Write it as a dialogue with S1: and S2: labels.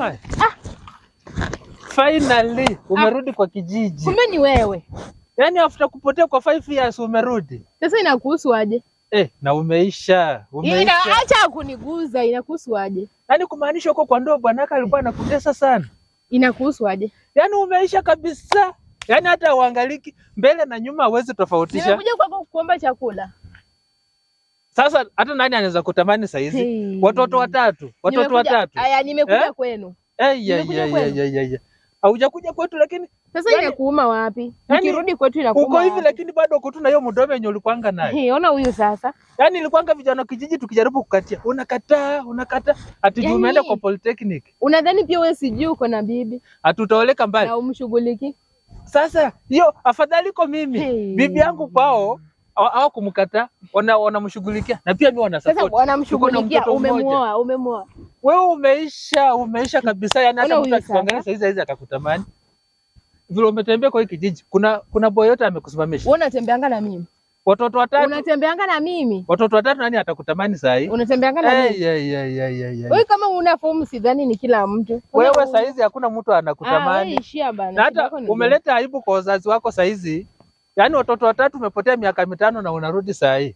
S1: mama. Ah. Finally ah. umerudi ah, kwa kijiji.
S2: Kumbe ni wewe.
S1: Yaani after kupotea kwa five years umerudi.
S2: Sasa inakuhusu aje?
S1: Eh, na umeisha,
S2: umeisha. Ina acha kuniguza, inakuhusu aje?
S1: Yaani kumaanisha uko kwa ndoa bwanaka alikuwa anakutesa sana.
S2: Inakuhusu aje?
S1: Yaani umeisha kabisa. Yaani hata uangaliki mbele na nyuma uweze tofautisha.
S2: Nimekuja kwako kuomba chakula.
S1: Sasa hata nani anaweza kutamani saa hizi? Hey. Watoto watatu, watoto watatu.
S2: Aya, nimekuja eh? kwenu.
S1: Eh, Haujakuja kwetu lakini
S2: sasa yani, inakuuma wapi? Nikirudi kwetu inakuuma. Uko hivi
S1: lakini bado uko tu na hiyo mdomo yenye ulipanga naye.
S2: Hey, ona huyu sasa.
S1: Yaani nilipanga vijana kijiji tukijaribu kukatia. Unakataa, unakataa. Ati yani, umeenda kwa polytechnic.
S2: Unadhani pia wewe sijui uko na bibi?
S1: Hatutaoleka mbali.
S2: Na umshughuliki.
S1: Sasa hiyo afadhali kwa mimi. Hey. Bibi yangu kwao au kumkata wanamshughulikia wana na pia mimi wana support.
S2: Sasa wanamshughulikia, umemwoa, umemwoa
S1: wewe, umeisha umeisha kabisa. Yani
S2: hata mtu akikuangalia
S1: saizi hizi atakutamani vile umetembea kwa hiki kijiji. Kuna kuna boy yote amekusimamisha.
S2: Wewe unatembeanga na mimi watoto watatu, unatembeanga na mimi
S1: watoto watatu, nani atakutamani saa hii?
S2: Unatembeanga na mimi wewe, kama una fomu sidhani ni kila mtu.
S1: Wewe saa hizi hakuna mtu ah, anakutamani, na hata umeleta aibu kwa wazazi wako saa hizi Yaani watoto watatu umepotea miaka mitano na unarudi saa hii.